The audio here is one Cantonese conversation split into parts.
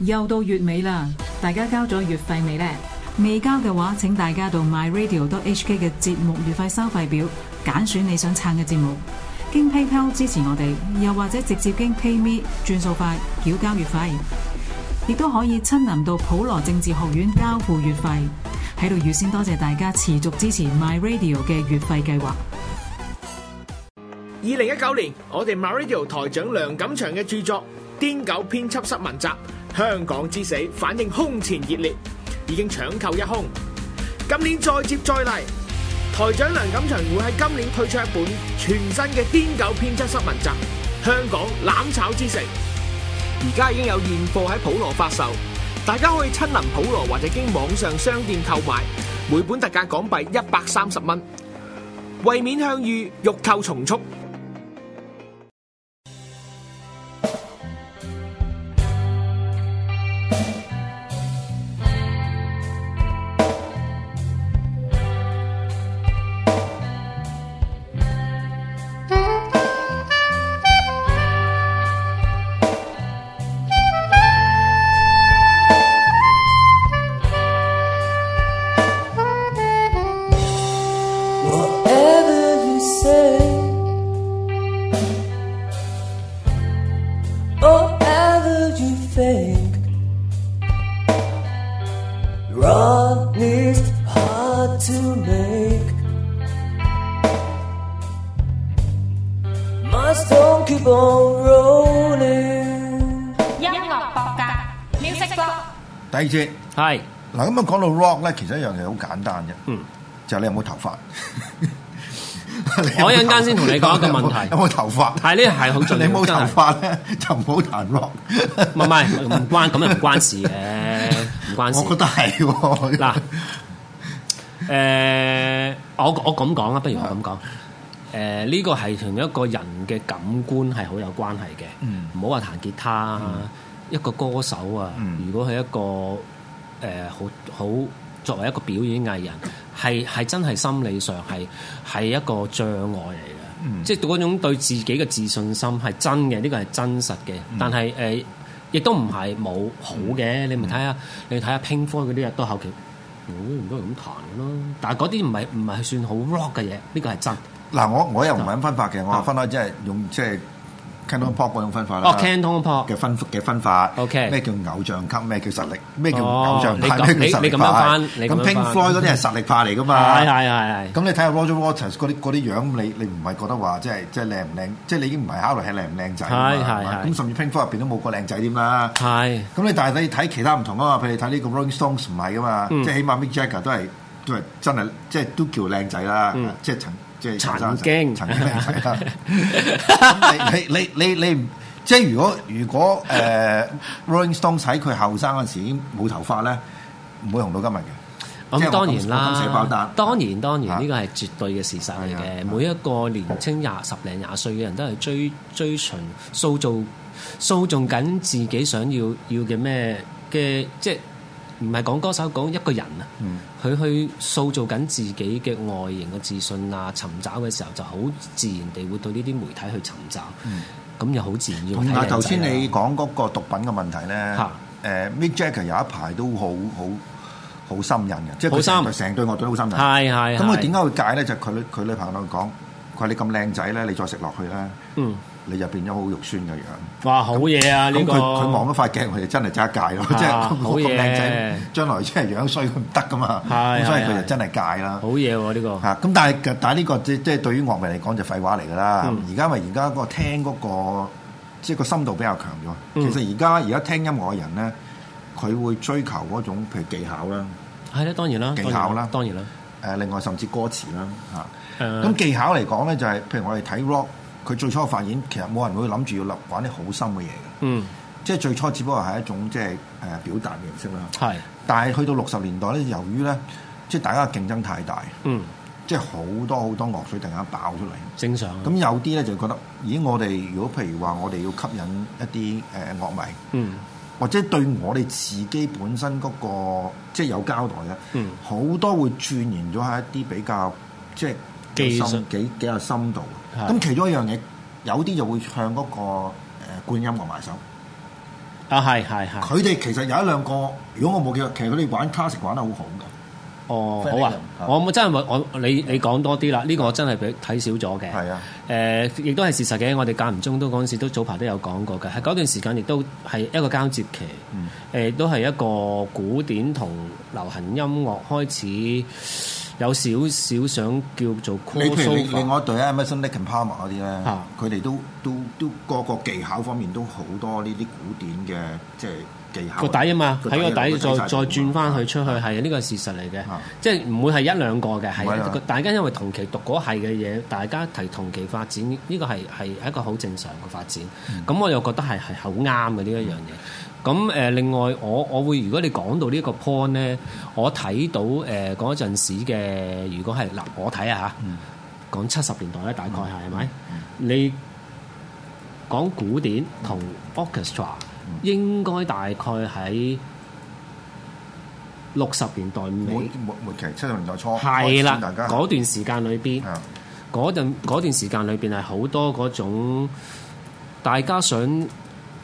又到月尾啦，大家交咗月費未呢？未交嘅話，請大家到 My Radio.HK 嘅節目月費收費表揀選你想撐嘅節目，經 PayPal 支持我哋，又或者直接經 PayMe 轉數快繳交月費，亦都可以親臨到普羅政治學院交付月費。喺度預先多謝大家持續支持 My Radio 嘅月費計劃。二零一九年，我哋 My Radio 台長梁錦祥嘅著作《癲狗編輯室文集》。香港之死反應空前熱烈，已經搶購一空。今年再接再厲，台長梁錦祥會喺今年推出一本全新嘅癲狗編輯室文集《香港攬炒之城》，而家已經有現貨喺普羅發售，大家可以親臨普羅或者經網上商店購買，每本特價港幣一百三十蚊，為免向隅欲購從速。第二次係嗱，咁啊講到 rock 咧，其實一樣嘢好簡單啫，就係你有冇頭髮。我一陣間先同你講一個問題：有冇頭髮？係呢係好重要。你冇頭髮咧，就唔好彈 rock。唔係唔關，咁又唔關事嘅，唔關事。我覺得係嗱，誒，我我咁講啊，不如我咁講。誒，呢個係同一個人嘅感官係好有關係嘅。唔好話彈吉他。一個歌手啊，嗯、如果係一個誒、呃、好好作為一個表演藝人，係係真係心理上係係一個障礙嚟嘅。嗯、即係嗰種對自己嘅自信心係真嘅，呢個係真實嘅。但係誒、嗯呃、亦都唔係冇好嘅，嗯、你咪睇下，嗯、你睇下 Pink Floyd 嗰啲日都後期我都唔都係咁彈嘅咯。但係嗰啲唔係唔係算好 rock 嘅嘢，呢個係真。嗱，我我又唔係咁分法嘅，我話分開即係用即係。啊 Canton pop 嗰種分法啦，哦 Canton pop 嘅分嘅分法，OK，咩叫偶像級，咩叫實力，咩叫偶像派，咩叫實力派。咁 Pink Floyd 嗰啲係實力派嚟噶嘛？係係係係。咁你睇下 Roger Waters 嗰啲啲樣，你你唔係覺得話即係即係靚唔靚？即係你已經唔係考慮係靚唔靚仔。係係。咁甚至 Pink Floyd 入邊都冇個靚仔添啦。係。咁你但係你睇其他唔同啊嘛？譬如睇呢個 Rolling Stones 唔係噶嘛？即係起碼 Mick Jagger 都係都係真係即係都叫靚仔啦。即係曾。曾經曾經，你你你你你即係如果如果誒、呃、Rolling Stones 喺佢後生嗰陣時已經冇頭髮咧，唔會紅到今日嘅。咁、嗯、當然啦，當然當然呢個係絕對嘅事實嚟嘅。呀每一個年青廿十零廿歲嘅人都係追追尋塑造塑造緊自己想要要嘅咩嘅即係。唔係講歌手，講一個人啊，佢、嗯、去塑造緊自己嘅外形嘅自信啊，尋找嘅時候就好自然地會對呢啲媒體去尋找，咁又好自然。同埋頭先你講嗰個毒品嘅問題咧，誒 Mick Jagger 有一排都好好好心人嘅，即係佢成隊樂隊都好心人，係係。咁佢點解會戒咧？就佢、係、佢女朋友講，佢話你咁靚仔咧，你再食落去咧，嗯你就變咗好肉酸嘅樣。哇！好嘢啊！咁個佢望一塊鏡，佢就真係揸戒咯，即係好靚仔！將來真係樣衰，佢唔得噶嘛。係所以佢就真係戒啦。好嘢喎！呢個嚇。咁但係但係呢個即即係對於樂迷嚟講就廢話嚟㗎啦。而家咪而家嗰個聽嗰個即係個深度比較強咗。其實而家而家聽音樂嘅人咧，佢會追求嗰種譬如技巧啦。係咧，當然啦，技巧啦，當然啦。誒，另外甚至歌詞啦嚇。咁技巧嚟講咧，就係譬如我哋睇 rock。佢最初發現，其實冇人會諗住要立玩啲好深嘅嘢嘅，嗯，即係最初只不過係一種即係誒表達嘅形式啦。係，是的 但係去到六十年代咧，由於咧即係大家嘅競爭太大，嗯即很，即係好多好多樂趣突然間爆出嚟，正常那些。咁有啲咧就覺得，咦！我哋如果譬如話，我哋要吸引一啲誒、呃、樂迷，嗯，或者對我哋自己本身嗰、那個即係有交代嘅，好、嗯、多會轉變咗喺一啲比較即係技術幾幾有深度。咁是其中一樣嘢，有啲就會向嗰個誒音樂埋手。啊，係係係。佢哋其實有一兩個，如果我冇記錯，其實佢哋玩卡式玩得很好好嘅。哦，Fair ling, 好啊，是我真係，我你你講多啲啦，呢、這個我真係睇是少咗嘅。係啊。誒、呃，亦都係事實嘅，我哋間唔中都嗰陣時都早排都有講過嘅，係嗰段時間亦都係一個交接期。嗯。呃、都係一個古典同流行音樂開始。有少少想叫做過數，另外一隊咧，Emerson, Lake and Palmer 嗰啲咧，佢哋都都都個個技巧方面都好多呢啲古典嘅即係技巧。個底啊嘛，喺個底再再轉翻去出去，係呢個事實嚟嘅，即係唔會係一兩個嘅，係大家因為同期讀嗰係嘅嘢，大家提同期發展呢個係係一個好正常嘅發展，咁我又覺得係係好啱嘅呢一樣嘢。咁誒，另外我我會，如果你講到呢一個 point 咧，我睇到誒嗰陣時嘅，如果係嗱，我睇下，嚇，講七十年代咧，大概係係咪？你講古典同 orchestra 應該大概喺六十年代末末、嗯嗯、期，七十年代初係啦。是的大家嗰段時間裏邊，嗰的段時間裏邊係好多嗰種大家想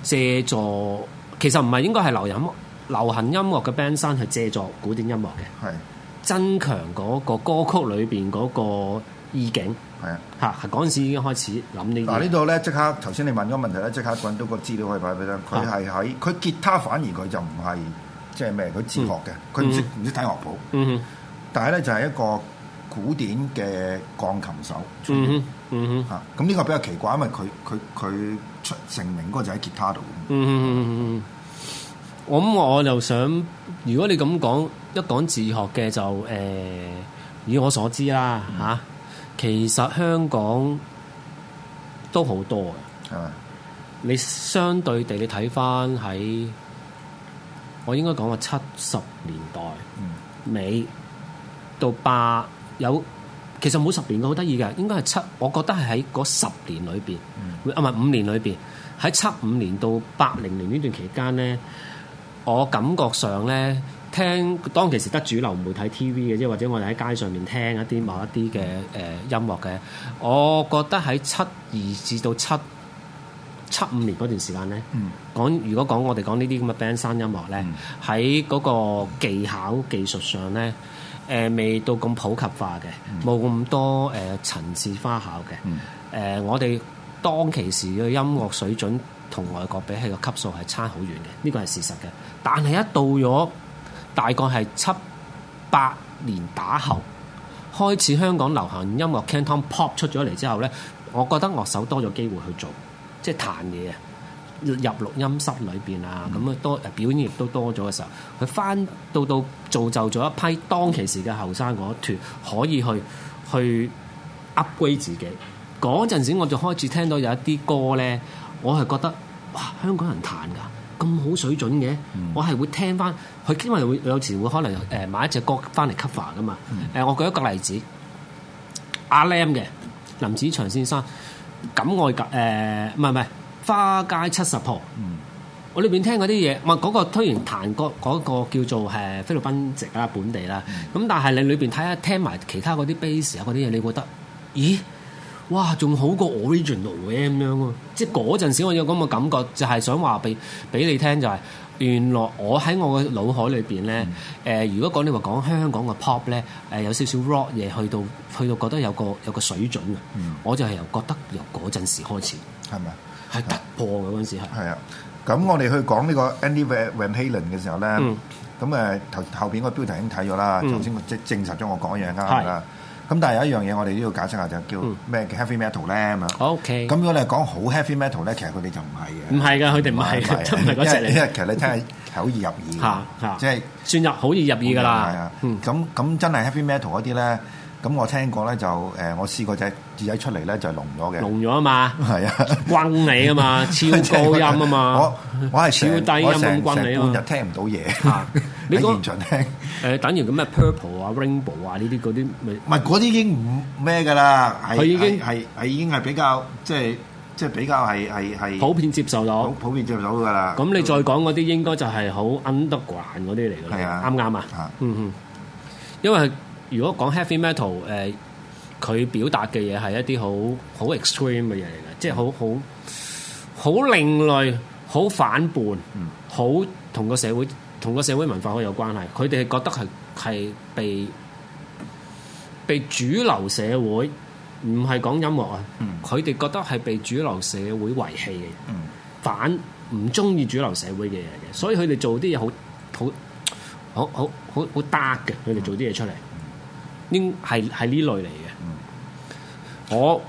借助。嗯其實唔係應該係流行流行音樂嘅 band 山係借助古典音樂嘅，啊、增強嗰個歌曲裏邊嗰個意境。係啊，嚇嗰陣時已經開始諗、啊、呢。嗱呢度咧，即刻頭先你問咗個問題咧，即刻揾到個資料可以擺俾你。佢係喺佢吉他反而佢就唔係即係咩？佢自學嘅，佢唔識唔識睇樂譜。嗯哼，但係咧就係、係、一個古典嘅鋼琴手。嗯哼。嗯哼，嚇、啊，咁呢個比較奇怪，因為佢佢佢出成名嗰個就喺吉他度，嗯。嗯嗯嗯嗯，咁我就想，如果你咁講，一講自學嘅就誒、呃，以我所知啦嚇，啊嗯、其實香港都好多嘅。啊嗎，你相對地你睇翻喺，我應該講話七十年代、嗯、尾到八有。其實每十年都好得意嘅，應該係七，我覺得係喺嗰十年裏邊，啊唔係五年裏邊，喺七五年到八零年呢段期間呢，我感覺上呢，聽當其時得主流媒體 T V 嘅，啫，或者我哋喺街上面聽一啲某一啲嘅誒音樂嘅，嗯、我覺得喺七二至到七七五年嗰段時間呢，講、嗯、如果講我哋講呢啲咁嘅 band sound 音樂呢，喺嗰、嗯、個技巧技術上呢。呃、未到咁普及化嘅，冇咁多誒、呃、層次花巧嘅、嗯呃。我哋當其時嘅音樂水準同外國比起個級數係差好遠嘅，呢個係事實嘅。但係一到咗大概係七八年打後，開始香港流行音樂 Cantopop 出咗嚟之後呢，我覺得樂手多咗機會去做，即係彈嘢啊！入錄音室裏邊啊，咁啊多表演亦都多咗嘅時候，佢翻到到造就咗一批當其時嘅後生嗰團可以去去 upgrade 自己。嗰陣時，我就開始聽到有一啲歌咧，我係覺得哇，香港人彈噶，咁好水準嘅，我係會聽翻佢，因為會有時會可能誒買一隻歌翻嚟 cover 噶嘛。誒，嗯、我舉一個例子，阿 Lam 嘅林子祥先生《敢愛》嘅、呃、誒，唔係唔係。花街七十鋪，嗯、我裏邊聽嗰啲嘢，唔係嗰個推完彈嗰個叫做係菲律賓籍啦，本地啦。咁、嗯、但係你裏邊睇下，聽埋其他嗰啲 bass 啊，嗰啲嘢，你覺得咦？哇，仲好過 original 咁樣啊！即係嗰陣時，我有咁嘅感覺，就係、是、想話俾俾你聽，就係原來我喺我嘅腦海裏邊咧，誒、嗯呃，如果講你話講香港嘅 pop 咧，誒、呃、有少少 rock 嘢，去到去到覺得有個有個水準嘅，嗯、我就係由覺得由嗰陣時開始，係咪係突破嘅嗰陣時係。係啊，咁我哋去講呢個 Andy Van Halen 嘅時候咧，咁誒頭後邊個標題已經睇咗啦。頭先佢即係證實咗我講嘢啱啦。咁但係有一樣嘢我哋都要解釋下，就係叫咩 Heavy Metal 咧咁樣。O K。咁如果你係講好 Heavy Metal 咧，其實佢哋就唔係嘅。唔係㗎，佢哋唔係，都唔係嗰隻嚟。因為因為其實你聽下好易入耳㗎，即係算入好易入耳㗎啦。咁咁真係 Heavy Metal 嗰啲咧。咁我聽過咧，就誒我試過隻耳仔出嚟咧，就係聾咗嘅。聾咗啊嘛，係啊，轟你啊嘛，超高音啊嘛，我我係超低音咁轟你嘛，成半日聽唔到嘢。喺現場聽誒，等於嗰咩 purple 啊、rainbow 啊呢啲嗰啲唔咪嗰啲已經唔咩噶啦，佢已經係已經係比較即係即係比較係係普遍接受到，普遍接受到噶啦。咁你再講嗰啲應該就係好 underground 嗰啲嚟㗎啦，啱唔啱啊？嗯，因為如果講 heavy metal，誒、呃、佢表達嘅嘢係一啲好好 extreme 嘅嘢嚟嘅，即係好好好另類、好反叛、好同個社會、同個社會文化好有關係。佢哋係覺得係係被被主流社會唔係講音樂啊，佢哋、嗯、覺得係被主流社會遺棄嘅，反唔中意主流社會嘅嘢嘅，所以佢哋做啲嘢好好好好好好 dark 嘅，佢哋做啲嘢出嚟。應係係呢類嚟嘅。我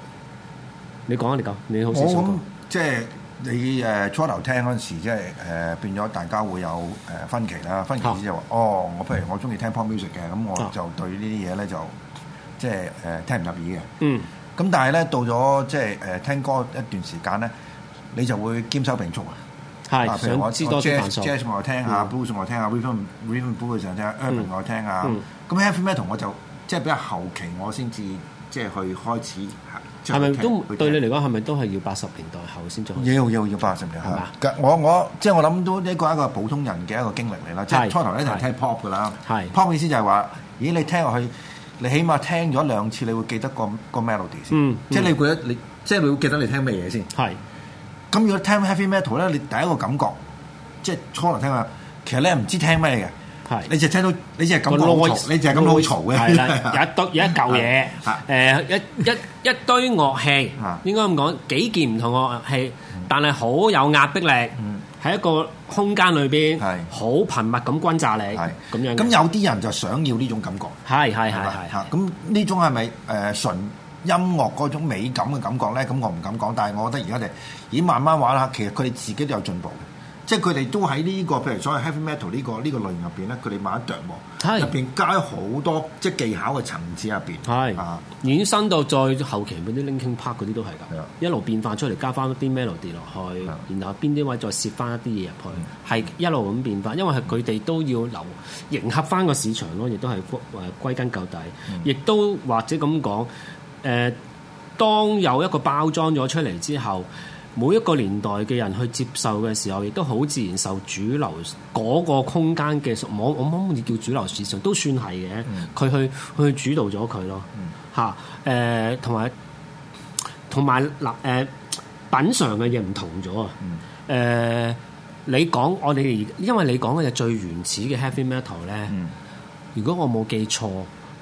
你講啊，你講，你好我咁即係你誒初頭聽嗰陣時，即係誒變咗大家會有誒分歧啦。分歧意思就話哦，我譬如我中意聽 pop music 嘅，咁我就對呢啲嘢咧就即係誒聽唔入耳嘅。嗯。咁但係咧到咗即係誒聽歌一段時間咧，你就會兼收並蓄啊。係。譬如我知多 jazz 我聽下 blues 我聽下 rhythm rhythm blues 我聽下，urban 我聽下。嗯。咁 heavy metal 同我就～即係比較後期，我先至即係去開始，係咪都對你嚟講係咪都係要八十年代後先做要？要，又要八十年代係嘛吧？我即我即係我諗到呢個係一個普通人嘅一個經歷嚟啦。是即係初頭咧就係聽 pop 噶啦。是 pop 嘅意思就係話：咦，你聽落去，你起碼聽咗兩次，你會記得個個 melody 先。嗯嗯、即係你覺得你即係會記得你聽咩嘢先？係是。咁如果聽 heavy metal 咧，你第一個感覺即係初頭聽啊，其實咧唔知聽咩嘅。係，你就聽到，你淨係咁好嘈，你淨係咁好嘈嘅。係啦，有一堆，有一嚿嘢，誒，一一一堆樂器，應該咁講，幾件唔同樂器，但係好有壓迫力，喺一個空間裏邊，好頻密咁轟炸你，咁樣。咁有啲人就想要呢種感覺，係係係嚇。咁呢種係咪誒純音樂嗰種美感嘅感覺咧？咁我唔敢講，但係我覺得而家，咦，慢慢玩下，其實佢哋自己都有進步。即係佢哋都喺呢、這個，譬如所謂 heavy metal 呢、這個呢、這個類型入邊咧，佢哋揦一啄喎，入邊是加咗好多即係技巧嘅層次入邊，是啊延伸到再後期嗰啲 Linkin Park 嗰啲都係㗎，是的一路變化出嚟，加翻啲 melody 落去，的然後邊啲位再攝翻一啲嘢入去，係的一路咁變化，因為係佢哋都要留迎合翻個市場咯，亦都係誒歸根究底，是的亦都或者咁講，誒、呃、當有一個包裝咗出嚟之後。每一個年代嘅人去接受嘅時候，亦都好自然受主流嗰個空間嘅，我我冇乜嘢叫主流市場，都算係嘅。佢去佢去主導咗佢咯，嚇誒、嗯，同埋同埋嗱誒，品嚐嘅嘢唔同咗啊！誒、嗯呃，你講我哋，因為你講嘅就最原始嘅 heavy metal 咧、嗯，如果我冇記錯。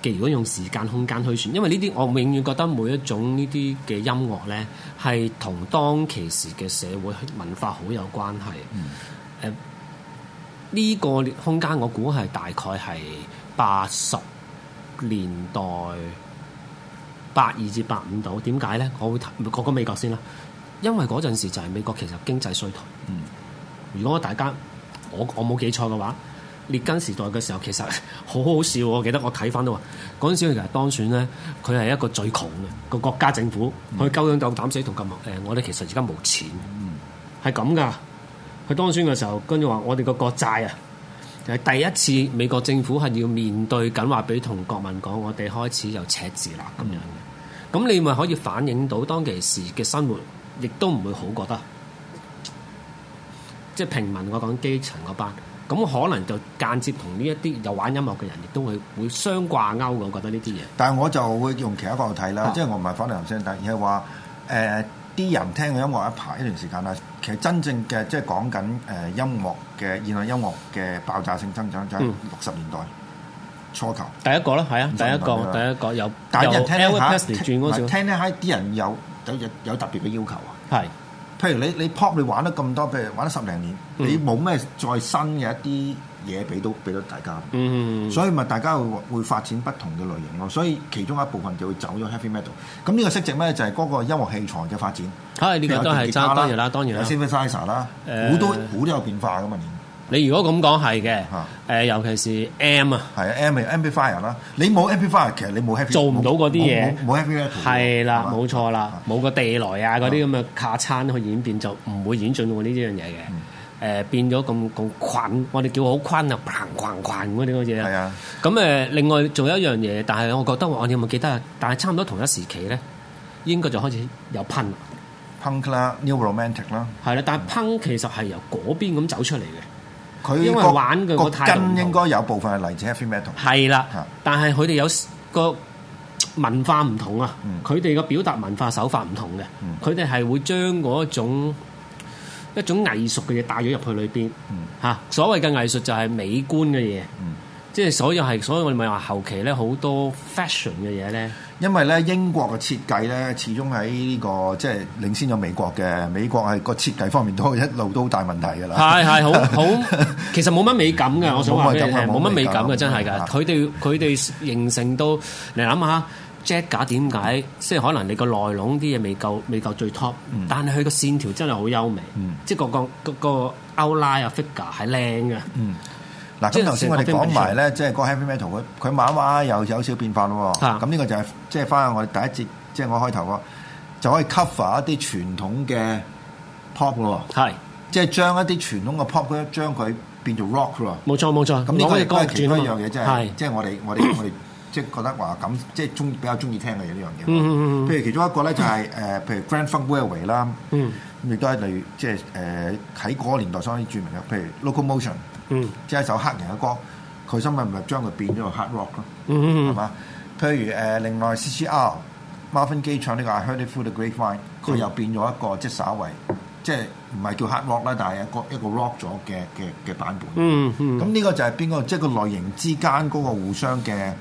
如果用時間空間推算，因為呢啲我永遠覺得每一種呢啲嘅音樂呢，係同當其時嘅社會文化好有關係。誒、嗯呃，呢、呢個空間我估係大概係八十年代八二至八五度。點解呢？我會睇過個美國先啦，因為嗰陣時就係美國其實經濟衰退。嗯、如果大家我我冇記錯嘅話。列根時代嘅時候，其實好好笑。我記得我睇翻到話，嗰陣時其實當選咧，佢係一個最窮嘅個國家政府，佢夠膽夠膽死同咁誒、呃，我哋其實而家冇錢，係咁噶。佢當選嘅時候，跟住話我哋個國債啊，係、就是、第一次美國政府係要面對緊，話俾同國民講，我哋開始有赤字啦咁、嗯、樣嘅。咁你咪可以反映到當其時嘅生活，亦都唔會好覺得，即、就、係、是、平民的，我講基層嗰班。咁可能就間接同呢一啲有玩音樂嘅人，亦都會會相掛鈎嘅。我覺得呢啲嘢。但係我就會用其他角度睇啦，啊、即係我唔係反兩聲，但係話啲人聽嘅音樂一排一段時間啦。其實真正嘅即係講緊音樂嘅現代音樂嘅爆炸性增長，就喺六十年代初頭。第一個咯，係啊，第一個，第一個有。但係聽呢，聽啲人有有有特別嘅要求啊，係。譬如你你 pop 你玩得咁多，譬如玩咗十零年，你冇咩再新嘅一啲嘢俾到俾到大家，嗯嗯嗯，所以咪大家會會發展不同嘅類型咯。所以其中一部分就會走咗 heavy metal 息息。咁呢個色值咧就係、是、嗰個音樂器材嘅發展。係呢、啊、個都係爭多啦，當然啦，Synthesizer 啦，好多好多有變化噶嘛。你如果咁講係嘅，誒尤其是 M 啊，係啊 M 咪 Amplifier 啦，你冇 Amplifier 其實你冇 happy 做唔到嗰啲嘢，冇 happy 係啦，冇錯啦，冇個地雷啊嗰啲咁嘅卡餐去演變就唔會演進到呢一樣嘢嘅。誒變咗咁咁菌，我哋叫好 t 啊，e n d b a 嗰啲嘢，係啊，咁誒另外仲有一樣嘢，但係我覺得我哋有冇記得？啊？但係差唔多同一時期咧，英國就開始有 p p u n k 啦，New Romantic 啦，係啦，但係 punk 其實係由嗰邊咁走出嚟嘅。佢個根應該有部分係嚟自 heavy metal，係啦。是的但係佢哋有個文化唔同啊，佢哋嘅表達文化手法唔同嘅，佢哋係會將嗰一種一種藝術嘅嘢帶咗入去裏面。嗯、所謂嘅藝術就係美觀嘅嘢。嗯即係所以係，所以我哋咪話後期咧好多 fashion 嘅嘢咧。因為咧英國嘅設計咧，始終喺呢個即係領先咗美國嘅。美國係個設計方面都一路都好大問題噶啦。係係好好，其實冇乜美感嘅，我想話嘅冇乜美感嘅真係㗋。佢哋佢哋形成到你諗下 Jack 假點解？即係可能你個內籠啲嘢未夠未夠最 top，但係佢個線條真係好優美。嗯，即係個個個個 Outline 啊 Figure 係靚嘅。嗯。嗱，咁頭先我哋講埋咧，即係個 heavy metal 佢佢慢慢又有少變化咯。咁呢個就係即係翻去我哋第一節，即係我開頭喎，就可以 cover 一啲傳統嘅 pop 咯。係，即係將一啲傳統嘅 pop 咧，將佢變做 rock 咯。冇錯冇錯，咁呢個亦係其中一樣嘢，即係即係我哋我哋我哋。我即係覺得話咁，即係中比較中意聽嘅嘢呢樣嘢。嗯嗯嗯、譬如其中一個咧就係、是、誒、嗯呃，譬如 Grand Funk Railway 啦、嗯。咁亦都係例如即係誒喺嗰個年代相當之著名嘅，譬如 Locomotion 即係、嗯、一首黑人嘅歌，佢根本咪將佢變咗個 hard rock 咯、嗯。嗯係嘛？譬如誒、呃，另外 CCR Marvin Gaye 唱呢個《I Heard It Through the Grapevine 佢又變咗一個即係、就是、稍微即係唔係叫 hard rock 啦，但係一個一個 rock 咗嘅嘅嘅版本。嗯咁呢、嗯、個就係邊個即係、就是、個類型之間嗰個互相嘅。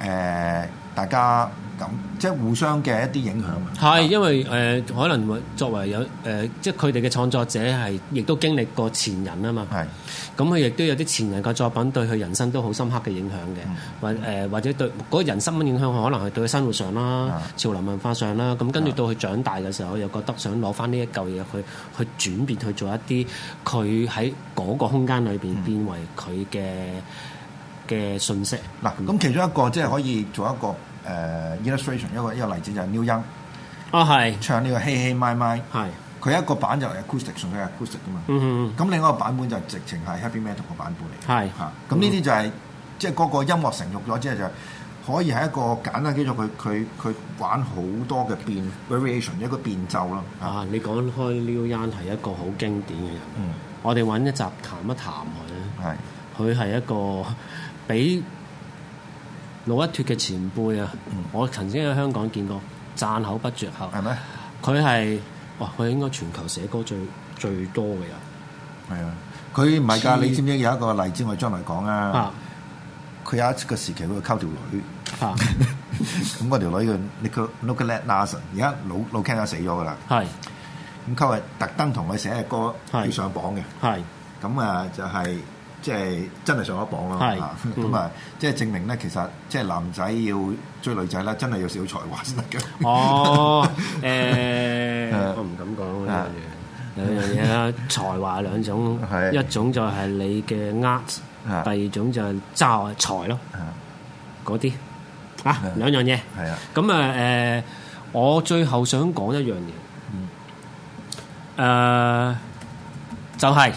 誒、呃，大家咁即係互相嘅一啲影響啊！係的、嗯、因為誒、呃，可能會作為有誒、呃，即係佢哋嘅創作者係，亦都經歷過前人啊嘛。係咁，佢亦都有啲前人嘅作品對佢人生都好深刻嘅影響嘅，嗯、或誒、呃，或者對嗰、那個、人生嘅影響，可能係對佢生活上啦、是的 潮流文化上啦，咁跟住到佢長大嘅時候，是的 又覺得想攞翻呢一嚿嘢去去轉變，去做一啲佢喺嗰個空間裏邊變為佢嘅。嗯他的嘅信息嗱，咁、嗯、其中一個即係可以做一個誒、uh, illustration 一個一個例子就係 Neil Young 啊，係唱呢、這個嘿嘿咪咪，係佢一個版就係 acoustic 純粹係 acoustic 噶嘛。咁另一個版本就直情係 Happy Metal 嘅版本嚟。係嚇是。咁呢啲就係即係嗰個音樂成熟咗，之後就、可以係一個簡單基礎，佢佢佢玩好多嘅變 variation，一個變奏咯。啊，你講開 Neil Young 係一個好經典嘅人。嗯、我哋揾一集談一談佢啦。係。佢係是一個。俾老一脱嘅前輩啊，我曾經喺香港見過，讚口不絕口。係咩？佢係哇，佢應該全球寫歌最最多嘅人。係啊，佢唔係㗎，你知唔知有一個例子我將來講啊？佢有一個時期佢溝條女啊，咁嗰條女嘅，你叫 Nogalat n a r s o n 而家老老 k e n a 死咗㗎啦。係，咁溝係特登同佢寫嘅歌要上榜嘅。係，咁啊就係。即係真係上咗榜咯，咁啊，即係證明咧，其實即係男仔要追女仔咧，真係要少才華先得嘅。哦，誒，我唔敢講兩樣兩樣嘢啦，才華兩種，一種就係你嘅呃，第二種就係揸財咯，嗰啲啊兩樣嘢。係啊，咁啊誒，我最後想講一樣嘢，誒就係。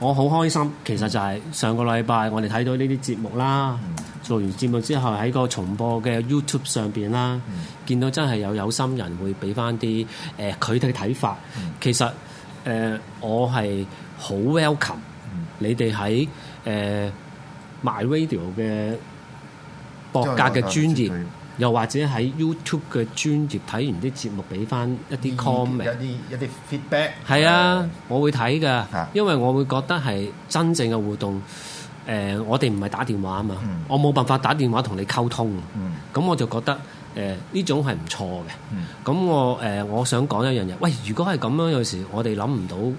我好開心，其實就係上個禮拜我哋睇到呢啲節目啦，嗯、做完節目之後喺個重播嘅 YouTube 上邊啦，嗯、見到真係有有心人會俾翻啲誒佢哋嘅睇法。嗯、其實誒、呃、我係好 welcome 你哋喺誒、呃、MyRadio 嘅博格嘅專業又或者喺 YouTube 嘅專頁睇完啲節目，俾翻一啲 comment，有啲一啲 feedback。係啊，我會睇㗎，因為我會覺得係真正嘅互動。誒、呃，我哋唔係打電話啊嘛，嗯、我冇辦法打電話同你溝通。咁、嗯、我就覺得誒呢、呃、種係唔錯嘅。咁、嗯、我誒、呃、我想講一樣嘢，喂，如果係咁樣，有時我哋諗唔到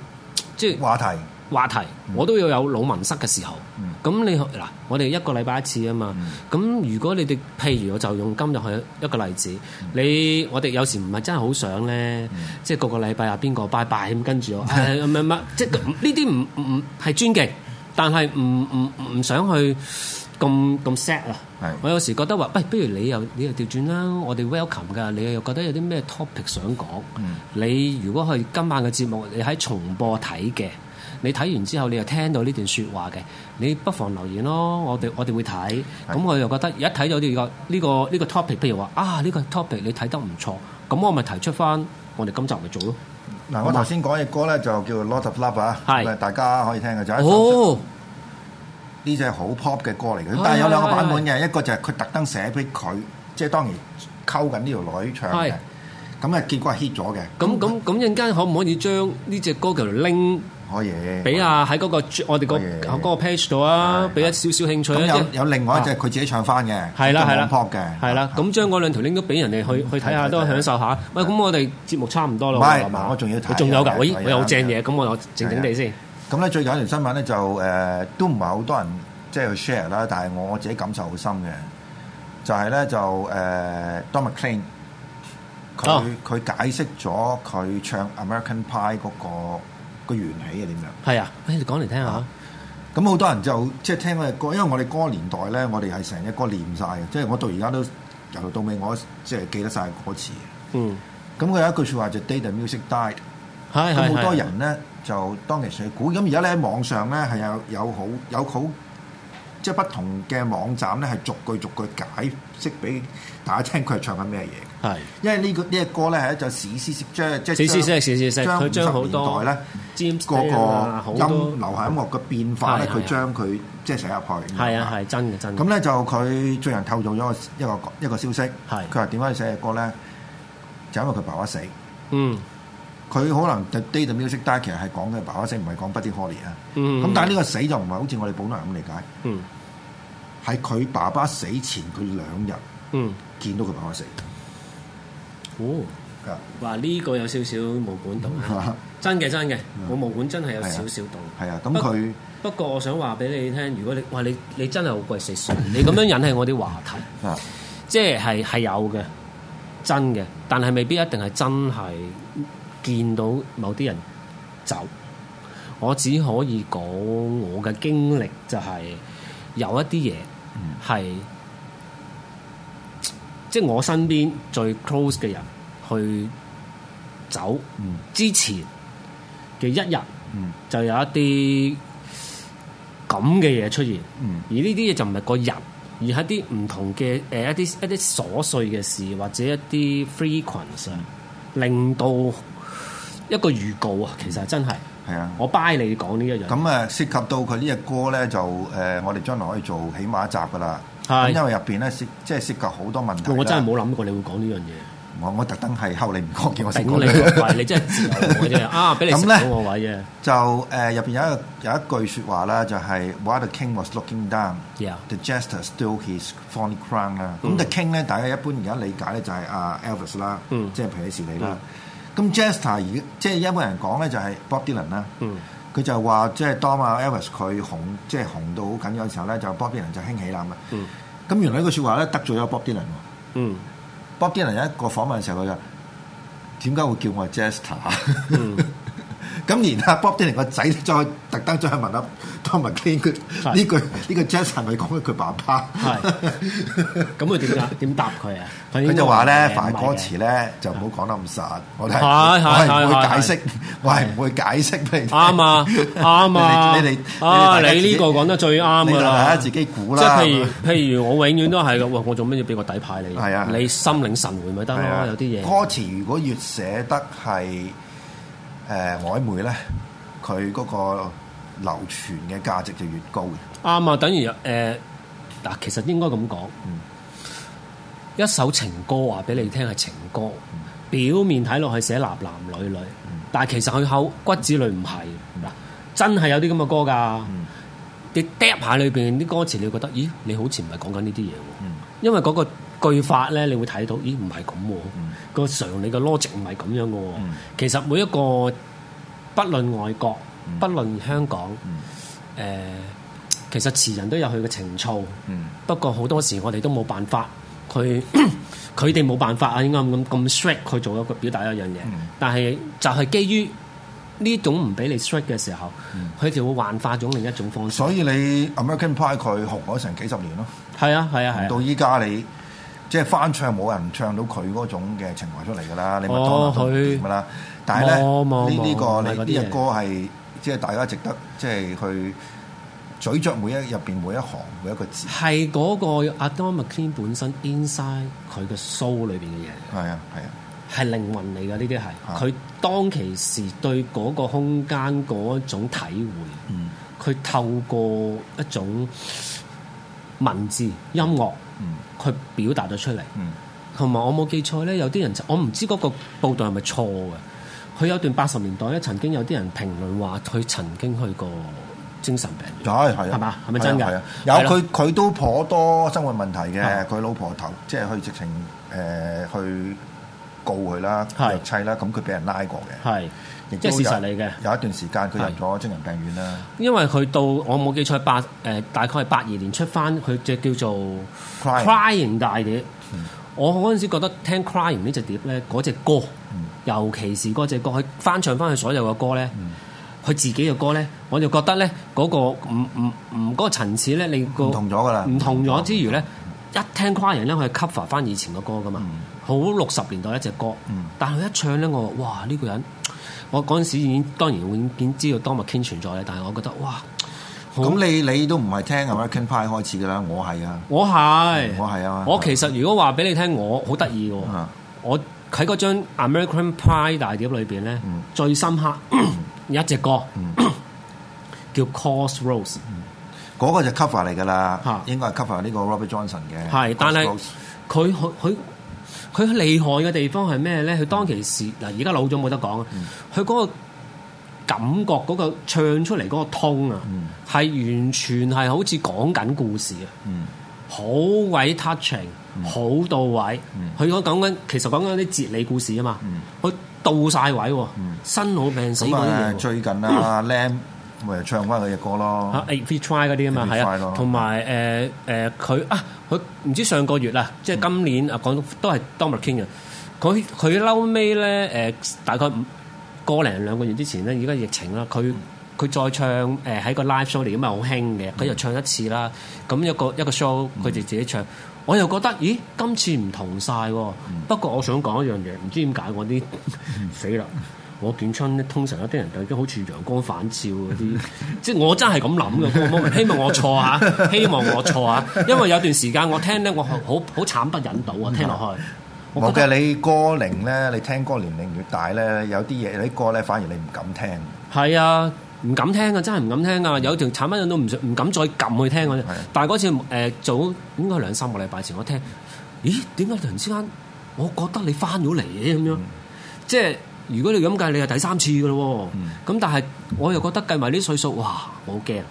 即係話題。話題，我都要有腦民塞嘅時候。咁你嗱，我哋一個禮拜一次啊嘛。咁如果你哋，譬如我就用今日去一個例子，你我哋有時唔係真係好想咧，即係個個禮拜啊，邊個拜拜咁跟住，唔係唔係，即係呢啲唔唔係尊敬，但係唔唔唔想去咁咁 sad 啊。我有時覺得話，喂，不如你又你又調轉啦，我哋 welcome 㗎。你又覺得有啲咩 topic 想講？你如果去今晚嘅節目，你喺重播睇嘅。你睇完之後，你又聽到呢段說話嘅，你不妨留言咯，我哋、嗯、我哋會睇。咁是的 我又覺得，一睇咗呢個呢、呢個呢、呢個 topic，譬如話啊，呢、呢個 topic 你睇得唔錯，咁我咪提出翻，我哋今集咪做咯。嗱，我頭先講嘅歌咧就叫《Lot of Love》啊，是的 大家可以聽嘅就係。哦，呢隻好 pop 嘅歌嚟嘅，但係有兩個版本嘅，是的 一個就係佢特登寫俾佢，即係當然溝緊呢條女唱嘅。係。咁啊，結果係 hit 咗嘅。咁咁咁，陣間、嗯、可唔可以將呢隻歌叫做拎？可以，俾下喺嗰個我哋個嗰個 page 度啊！俾一少少興趣。有另外一隻佢自己唱翻嘅，咁啦，嘅。係啦，咁將嗰兩條 link 都俾人哋去去睇下，都享受下。喂，咁我哋節目差唔多喇，我仲要睇。仲有㗎，我有正嘢，咁我又靜靜地先。咁咧，最近一條新聞咧就誒都唔係好多人即係去 share 啦，但係我自己感受好深嘅，就係咧就誒 Don McLean，佢佢解釋咗佢唱 American Pie 嗰個個源起係點樣？係啊，講嚟聽下。咁好、啊、多人就即係、就是、聽嗰隻歌，因為我哋嗰年代咧，我哋係成隻歌念晒嘅，即、就、係、是、我到而家都由頭到尾我，我即係記得晒歌詞。嗯。咁佢有一句説話就 The Day The Music Died。係咁好多人咧就當其時估，咁而家咧喺網上咧係有有好有好。有好即不同嘅網站咧，係逐句逐句解釋俾大家聽佢係，佢係唱緊咩嘢。係，因為、呢個呢個、歌呢個呢歌咧係一隻史詩式將，史詩詩將好多咧，嗰、嗰個音流行音樂嘅變化咧，佢將佢的即係寫入去。係啊，係真嘅真咁咧，就佢最近透露咗一個一個消息，係佢話點解要寫歌呢歌咧？就係、因為佢爸爸死。嗯。佢可能就 the day the music died，但係其實係講嘅爸爸死，唔係講 Buddy Holly 啊。咁但係呢個死就唔係好似我哋普通人咁理解。係佢爸爸死前佢兩日見到佢爸爸死。哦，嘩呢個有少少毛管戙真嘅真嘅，我毛管真係有少少到。係啊，咁佢不過我想話俾你聽，如果你話你你真係好鬼死傻，你咁樣引起我啲話題，即係係有嘅真嘅，但係未必一定係真係。見到某啲人走，我只可以講我嘅經歷就係、是、有一啲嘢係即係我身邊最 close 嘅人去走、嗯、之前嘅一日就有一啲咁嘅嘢出現，嗯、而呢啲嘢就唔係個人，而係一啲唔同嘅、呃、一啲一啲瑣碎嘅事或者一啲 frequency 令到。一個預告啊，其實真係，係啊，我掰你講呢一樣。咁啊，涉及到佢呢隻歌咧，就誒，我哋將來可以做起碼一集噶啦。係，因為入邊咧涉，即係涉及好多問題。我真係冇諗過你會講呢樣嘢。我我特登係後你唔講，叫我先講。你真係啊，俾你咁咧，好個位嘅。就誒，入邊有一有一句説話咧，就係 While the king was looking down, the jester stole his funny crown 啦。咁 the king 咧，大家一般而家理解咧，就係阿 Elvis 啦，即係皮禮士利啦。咁 Jester 而即係一般人講咧，就係 Bob Dylan 啦，嗯，佢就話即係當阿 Elvis 佢紅即係、就是、紅到好緊嘅時候咧，就 Bob Dylan 就興起啦咁咁、嗯、原來呢句説話咧得罪咗 Bob Dylan，Bob Dylan 有、嗯、Dylan 一個訪問嘅時候佢就點解會叫我 Jester？嗯 咁然阿 Bob Dylan 個仔再特登再問下 Tommy King，呢句呢個 Jason 咪講緊佢爸爸？係咁佢點啊？點答佢啊？佢就話咧：凡歌詞咧就唔好講得咁實，我係，我唔會解釋，我係唔會解釋。啊嘛，啱啊！你哋你呢個講得最啱噶啦，自己估啦。即係譬如譬如我永遠都係嘅，我做乜要俾個底牌你？係啊，你心領神會咪得咯？有啲嘢歌詞如果越寫得係。誒，曖昧咧，佢嗰個流傳嘅價值就越高嘅。啱啊，等於誒，嗱、呃，其實應該咁講，嗯、一首情歌話俾你聽係情歌，嗯、表面睇落去寫男男女女，嗯、但係其實佢口骨子裏唔係，嗱，真係有啲咁嘅歌㗎。你 dé 下裏邊啲歌詞，你會覺得，咦，你好似唔係講緊呢啲嘢喎，嗯、因為嗰、嗰個。句法咧，你會睇到，咦？唔係咁，個、嗯、常理嘅 logic 唔係咁樣嘅、哦。嗯、其實每一個，不論外國，嗯、不論香港，嗯嗯呃、其實詞人都有佢嘅情操。嗯、不過好多時我哋都冇辦法，佢佢哋冇辦法啊！應該咁咁 strict 去做一個表達一樣嘢。嗯、但係就係基於呢種唔俾你 strict 嘅時候，佢、嗯、就會幻化咗另一種方式。所以你 American Pie 佢紅咗成幾十年咯，係啊，係啊，啊到依家你。即係翻唱冇人唱到佢嗰種嘅情懷出嚟㗎啦，你咪當佢點啦。哦、但係咧呢呢、哦哦這個呢隻歌係即係大家值得即係、就是、去咀嚼每一入面每一行每一個字。係嗰個阿 Adam McQueen 本身 inside 佢嘅 show 裏邊嘅嘢。係啊係啊，係、啊、靈魂嚟㗎呢啲係。佢當其時對嗰個空間嗰種體會，佢、嗯、透過一種。文字、音樂，佢、嗯、表達咗出嚟，同埋、嗯、我冇記錯咧，有啲人就我唔知嗰個報道係咪錯嘅。佢有段八十年代咧，曾經有啲人評論話佢曾經去過精神病院，係咪？係嘛？係咪真㗎？有佢佢的都頗多生活問題嘅，佢的老婆頭即係、呃、去直情去。告佢啦，又砌啦，咁佢俾人拉過嘅，亦即係事實嚟嘅。有一段時間佢入咗精神病院啦。因為佢到我冇記錯八誒，大概係八二年出翻，佢隻叫做 Crying 大碟。我嗰陣時覺得聽 Crying 呢隻碟咧，嗰隻歌，尤其是嗰隻歌，佢翻唱翻佢所有嘅歌咧，佢自己嘅歌咧，我就覺得咧嗰個唔唔唔嗰個層次咧，你唔同咗噶啦，唔同咗之餘咧，一聽 Crying 咧，佢 cover 翻以前嘅歌噶嘛。好六十年代一隻歌，但係一唱咧，我哇呢、呢個人，我嗰陣時已經當然已經知道當麥 King 存在咧，但係我覺得哇，咁你你都唔係聽 American Pie 開始噶啦，我係啊，我係是、嗯，我係啊，我其實如果話俾你聽，我好得意我喺嗰張 American Pie 大碟裏邊咧，啊嗯、最深刻 一隻歌、嗯、 叫 Crossroads 嗰個就是 cover 嚟噶啦，是應該係 cover 呢個 Robert Johnson 嘅，但係佢佢佢。Rose 佢厲害嘅地方係咩咧？佢當其時嗱，而家老咗冇得講啊！佢嗰個感覺嗰、嗰個唱出嚟嗰個通啊、嗯，係完全係好似講緊故事嘅，好鬼 touching，好到位。佢講講緊其實講緊啲哲理故事啊嘛，佢、嗯、到晒位，生老病、嗯、死嗰啲嘢。最近啊，阿 Lam。嗯咪唱翻佢嘅歌咯嚇，誒《Retry》嗰啲啊嘛，同埋誒佢啊佢唔知上個月啦，即係今年啊、嗯、講都係 Dominic 嘅，佢佢嬲尾咧大概五個零兩個月之前咧，而家疫情啦，佢佢再唱誒喺、呃、個 live show 嚟嘅嘛，好興嘅，佢又唱一次啦，咁、嗯、一個一個 show 佢就自己唱，我又覺得咦今次唔同曬喎，不過我想講一樣嘢，唔知點解我啲 死啦了～ 我段春咧，通常有啲人更加好似陽光反照嗰啲， 即係我真係咁諗嘅，希望我錯啊，希望我錯啊，因為有段時間我聽咧，我好好，好慘不忍睹啊， 聽落去。我嘅你歌齡咧，你聽歌年齡越大咧，有啲嘢你歌咧，反而你唔敢聽。係啊，唔敢聽啊，真係唔敢聽啊，有一段產品都唔唔敢再撳去聽啲。是啊、但係嗰次誒、呃、早應該兩三個禮拜前我聽，咦？點解突然之間我覺得你翻咗嚟嘅咁樣？即係。如果你咁計，你係第三次噶咯喎。咁、嗯、但係我又覺得計埋啲歲數，哇，我好驚。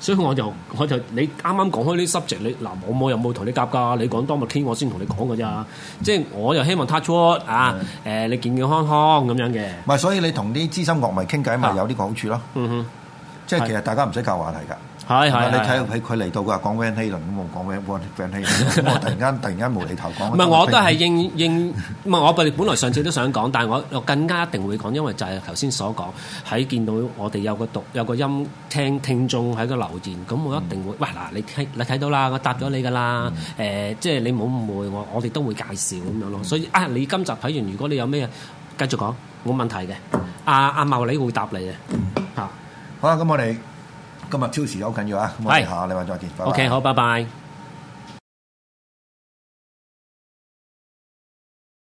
所以我就我就你啱啱講開啲 subject 你嗱我冇有冇同你夾㗎？你講、啊、當日傾，我先同你講㗎咋。即係、嗯、我又希望 touch wood 啊誒，你健健康康咁樣嘅。唔係，所以你同啲資深樂迷傾偈咪有啲個好處咯。啊嗯、哼，即係其實大家唔使教話題㗎。係係係，你睇喺佢嚟到嘅話，講 Van Halen，冇講 Van，講 Van Halen，我突然間突然間無厘頭講。唔係，我都係認認，唔係我哋本來上次都想講，但係我我更加一定會講，因為就係頭先所講，喺見到我哋有個讀有個音聽聽眾喺個留言，咁我一定會，喂嗱，你睇你睇到啦，我答咗你㗎啦，誒，即係你冇誤會，我我哋都會介紹咁樣咯，所以啊，你今集睇完，如果你有咩，繼續講，冇問題嘅，阿阿茂你會答你嘅，嚇，好啊，咁我哋。今日超時好緊要啊！咁我哋下禮拜再見。是。拜拜。OK，好，拜拜。